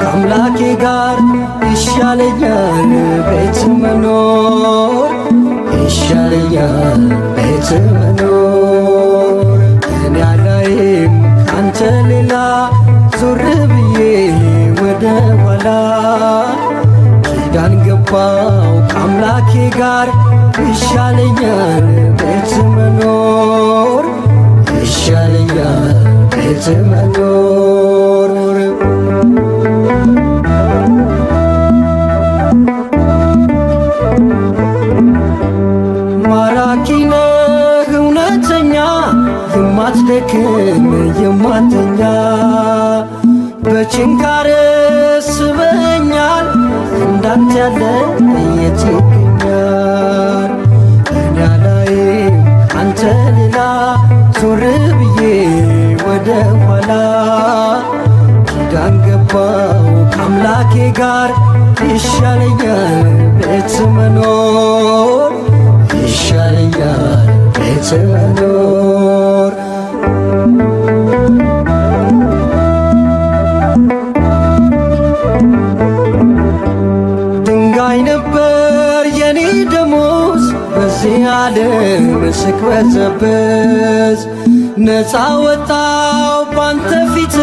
ከአምላኬ ጋር ይሻለኛል ቤት መኖር ይሻለኛል ቤት መኖር እኔ አላይም ካንተ ሌላ ዞር ብዬ ወደ ኋላ ኪዳን ገባው ከአምላኬ ጋር ይሻለኛል ቤት እውነተኛ የማትደክም የማትተኛ በችንካር ስበኛል እንዳንተ ያለ የት ይገኛል? እኔ ላይ አንተ ሌላ ዞር ብዬ ወደ ኋላ ኪዳን ገባው ከአምላኬ ጋር ይሻለኛል ቤት መኖር ይሻለኛል አንቺ መኖር ድንጋይ ነበር የኔ ደሞዝ በዚህ ዓለም ስቅበዘበዝ ነፃ ወጣው ባንተ ፊት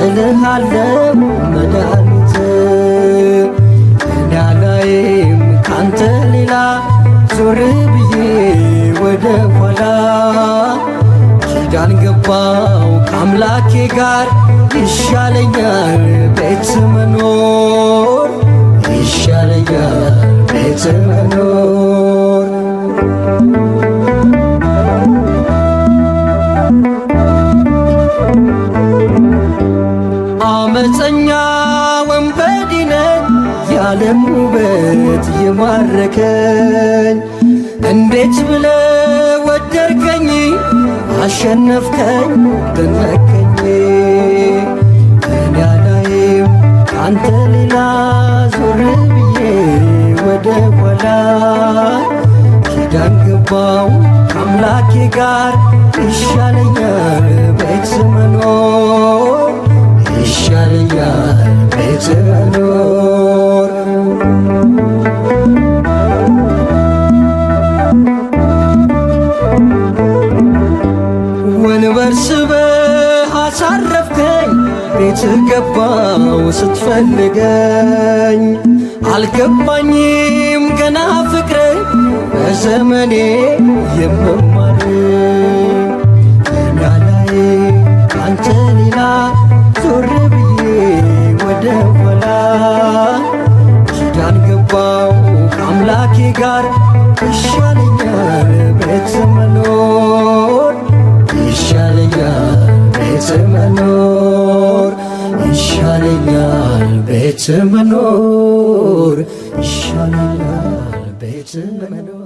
እልሃለሁ ወደ ኋላ ኪዳን ገባው ከአምላኬ ጋር ይሻለኛል ቤት መኖር ይሻለኛል ቤት መኖር አመፀኛ ወንበዴ ነኝ የዓለም ውበት የማረከኝ እንዴት ብለ ወደርከኝ አሸነፍከኝ ደነቀኝ ከዳናይም አንተ ሌላ ዞር ብዬ ወደ ኋላ ኪዳን ገባው አምላኬ ጋር ይሻለኛል ይሻለኛል በርስበ አሳረፍከኝ ቤት ገባው ስትፈልገኝ አልገባኝም ገና ፍቅር በዘመኔ የመማር ናላይ አንተ ሌላ ዞር ብዬ ወደ ኋላ ኪዳን ገባው ከአምላኬ ጋር እሺ መኖር ይሻለኛል ቤት መኖር ይሻለኛል ቤት መኖር